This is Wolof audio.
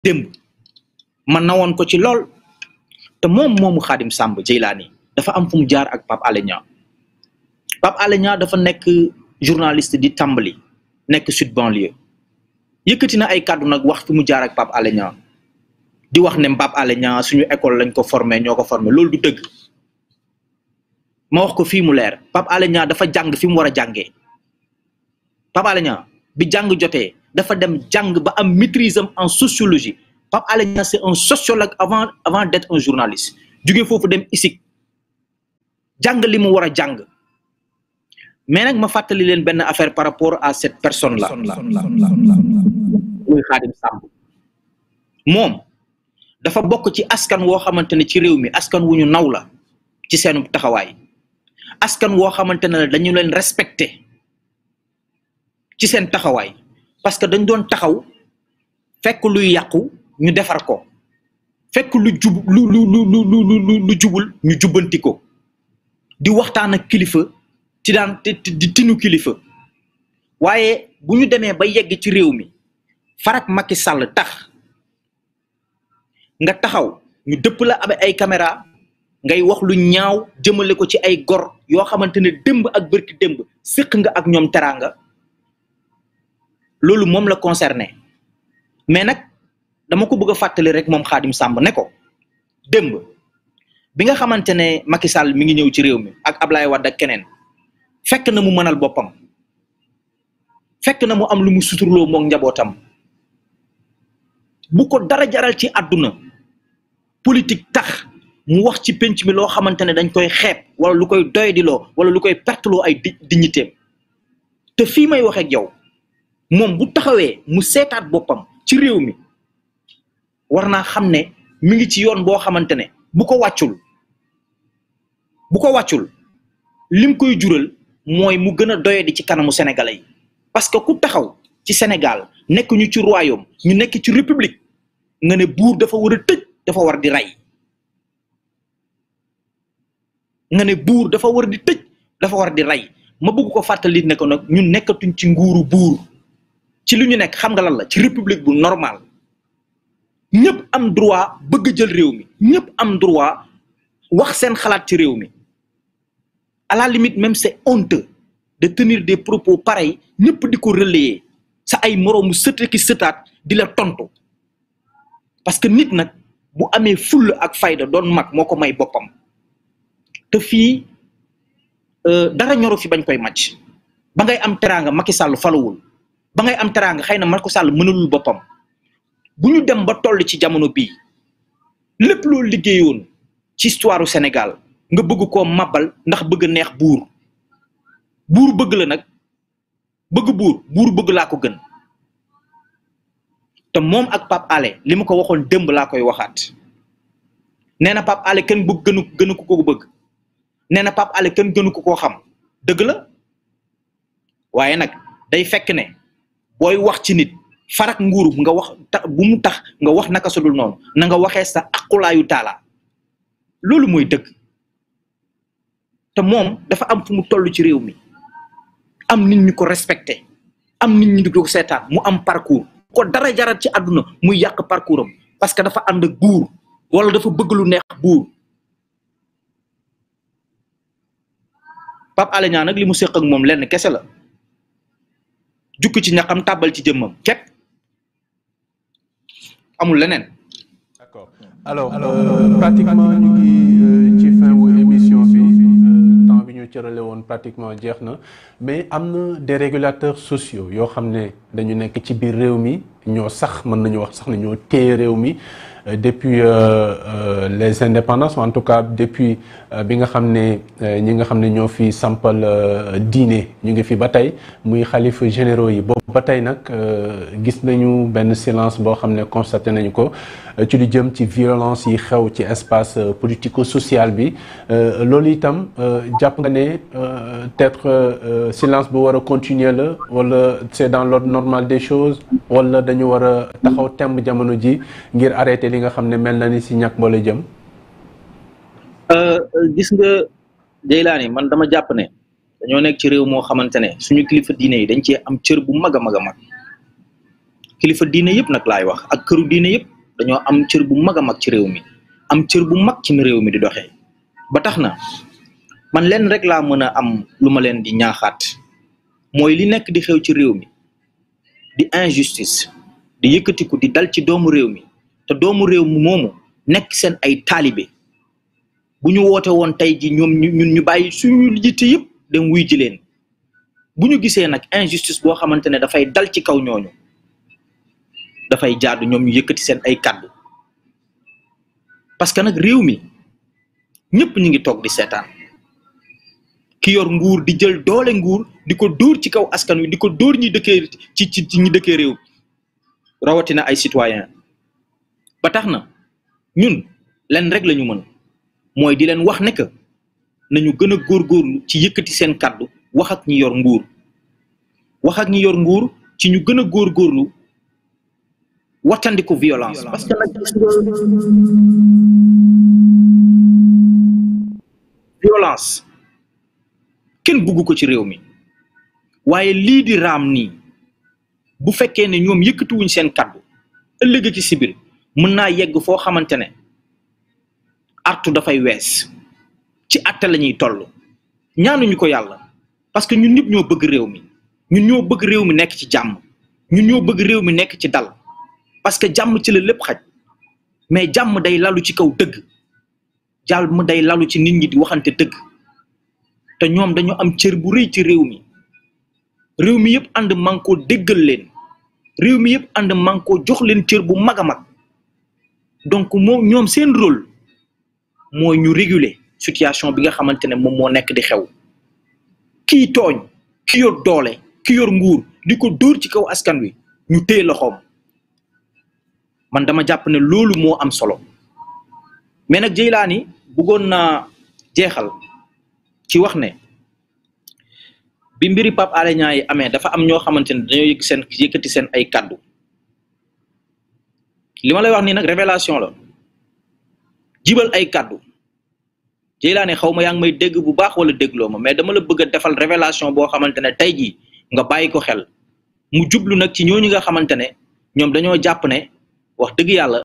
démb man na woon ko ci lool te moom moomu Xaadim Samb Jeylaani dafa am fu mu jaar ak pap Alé Niang Pape dafa nekk journaliste di tàmbali nekk sud banlieue yëkkati na ay kàddu nag wax fi mu jaar ak pap Alé di wax ne Pape Alé Niang suñu école lañ ko formé ñoo ko formé loolu du dëgg ma wax ko fii mu leer Pape Alé dafa jàng fi mu war a jàngee Pape bi jàng jotee dafa dem jàng ba am maitrisam am en sociologie Pape Alé Niang c'est un sociologue avant avant d'être un journaliste jóge foofu dem ISIC jàng li mu war a jàng mais nag ma fàttali leen benn affaire par rapport à cette personne là muy Khadim moom dafa bokk ci askan woo xamante ne ci réew mi askan wu ñu naw la ci seenu taxawaay askan woo xamante ne la dañu leen respecté ci seen taxawaay parce que dañ doon taxaw fekk lu yàqu ñu defar ko fekk lu jubul ñu jubbanti di waxtaan ak kilifa ci daan di tinu kilifa waaye bu ñu demee ba yegg ci réew mi farak maki Sall tax nga taxaw ñu dëpp la ay caméra ngay wax lu ñaaw jëmale ko ci ay gor yoo xamante ne démb ak bërki démb séq nga ak ñoom teraanga loolu moom la concerné mais nag dama ko bëgg a fàttali rek moom Khadim Samb ne ko démb bi nga xamante ne Macky Sall mi ngi ñëw ci réew mi ak Ablaye Wade ak keneen fekk na mu mënal boppam fekk na mu am lu mu suturloo moom njabootam bu ko dara jaral ci àdduna politique tax mu wax ci penc mi loo xamante ne dañ koy xeeb wala lu koy doy diloo wala lu koy perteloo ay dignité te fii may wax ak moom bu taxawee mu seetaat boppam ci réew mi war naa xam ne mi ngi ci yoon boo xamante ne bu ko wàccul bu ko wàccul lim koy jural mooy mu gën a di ci kanamu sénégalais yi parce que ku taxaw ci senegal nekk ñu ci royaume ñu nekk ci république nga ne buur dafa war a tëj dafa war di ray nga ne buur dafa war di tëj dafa war di ray ma bëgg ko fàttali ne ko nag ñun nekkatuñ ci nguuru buur ci li ñu nekk xam nga lan la ci république bu normal ñëpp am droit bëgg jël réew mi ñëpp am droit wax seen xalaat ci réew mi à la limite même c'est de tenir des propos pareils ñëpp di ko relayer sa ay moroomu sëte ki sëtaat di la tontu parce que nit nag bu amee fulla ak fayda doon mag moo ko may boppam te fii euh, dara ñoro fi bañ koy màcc ba ngay am teraanga Macky Sall falawul ba ngay am teraanga xëy na ko Sall mënalul boppam bu ñu dem ba toll ci jamono bii lépp loo liggéeyoon ci histoire u Sénégal nga bëgg koo mabal ndax bëgg neex buur buur bëgg la nag bëgg buur buur bëgg laa ko gën te moom ak Pape li ma ko waxoon dëmb laa koy waxaat nee na Pape Alé kenn bëgg gënu ko ko bëgg nee na Pape Alé kenn gënu ko koo xam dëgg la waaye nag day fekk ne booy wax ci nit farak nguurub nga wax bu mu tax nga wax naka sudul noonu na nga waxee sa aqulaayu taala loolu mooy dëgg te moom dafa am fu mu toll ci réew mi am nit ñu ko respecté am nit ñu di ko seetaan mu am parcours ko dara jaral ci àdduna muy yàq parcours parce que dafa ànd ak buur wala dafa bëgg lu neex buur Pape Alé Niang nag li mu séq ak moom lenn kese la jukki ci ñaxam tàbbal ci jëmmam képp amul leneen. d'accord alors euh, pratiquement ñu euh, ci fin wu émission bi euh, temps bi ñu cërale woon pratiquement jeex na mais am na des régulateurs sociaux yoo xam ne. dañu nekk ci biir réew mi ñoo sax mën nañu wax sax ne ñoo téye réew mi euh, depuis euh, euh, les indépendances en tout cas depuis bi nga xam ne ñi nga xam ne ñoo fi sampal diine ñu ngi fi ba tey muy xalifa généraux yi boobu ba tey nag gis nañu benn silence boo xam ne constaté nañu ko ci lu jëm ci violence yi xew ci espace politico sociale bi loolu itam jàpp nga ne peut-être silence bu war a continuer la wala c'est dans l'ordre normal des choses wala dañu war a taxaw temb jamono ji ngir arrêté li nga xam ne mel na ni si ñàkk bala jëm euh, euh, gis nga Jeylaani man dama jàpp ne dañoo nekk ci réew moo xamante ne suñu kilifa diine yi dañ cee am cër bu mag a mag a mag kilifa diine yëpp nag laay wax ak këru diine yëpp dañoo am cër bu mag a mag ci réew mi am cër bu mag ci réew mi di doxee ba tax na man leen rek laa mën a am lu ma leen di ñaaxaat mooy li nekk di xew ci réew mi di injustice di yëkkatiku di dal ci doomu réew mi te doomu réew mi moomu nekk seen ay taalibe bu ñu woote woon tey ji ñoom ñun ñu bàyyi suñu yitte yëpp dem wuy ji leen bu ñu gisee nag injustice boo xamante ne dafay dal ci kaw ñooñu dafay jaadu ñoom ñu yëkkati seen ay kàddu parce que nag réew mi ñëpp ñu ngi toog di seetaan ki yor nguur di jël doole nguur di ko dóor ci kaw askan wi di ko dóor ñi dëkkee ci ci ñi dëkkee réew rawatina ay citoyen ba tax na ñun leen rek la ñu mën mooy di leen wax ne que nañu gën a góorgóorlu ci yëkkati seen kàddu wax ñi yor nguur wax ñi yor nguur ci ñu gën a góorgóorlu wattandiku violence parce que nag violence kenn bugg ko ci réew mi waaye lii di raam nii bu fekkee ne ñoom yëkkatiwuñ seen kàddu ëllëg ci sibir mën naa yegg foo xamante ne artu dafay wees ci atte la ñuy toll ñaanuñu ko yàlla parce que ñun ñëpp ñoo bëgg réew mi ñun ñoo bëgg réew mi nekk ci jàmm ñun ñoo bëgg réew mi nekk ci dal parce que jàmm ci la lépp xaj mais jàmm day lalu ci kaw dëgg jàmm day lalu ci nit ñi di waxante dëgg te ñoom dañoo am cër bu rëy ci réew mi réew mi yëpp ànd mànkoo déggal leen réew mi yëpp ànd mànkoo jox leen cër bu mag a mag donc moom ñoom seen rôle mooy ñu réguler situation bi nga xamante ne moom moo nekk di xew kii tooñ ki yor doole ki yor nguur di ko dóor ci kaw askan wi ñu téye loxoom man dama jàpp ne loolu moo am solo mais nag Jeylaani bëggoon naa jeexal ci wax ne bi mbiri Pape Alé yi amee dafa am ñoo xamante ne dañoo yëg seen yëkkati seen ay kaddu li ma lay wax nii nag révélation la jibal ay kaddu Jeylaane xaw ma yaa ngi may dégg bu baax wala dégloo ma mais dama la bëgg a defal révélation boo xamante ne tey jii nga bàyyi ko xel mu jublu nag ci ñooñu nga xamante ne ñoom dañoo jàpp ne wax dëgg yàlla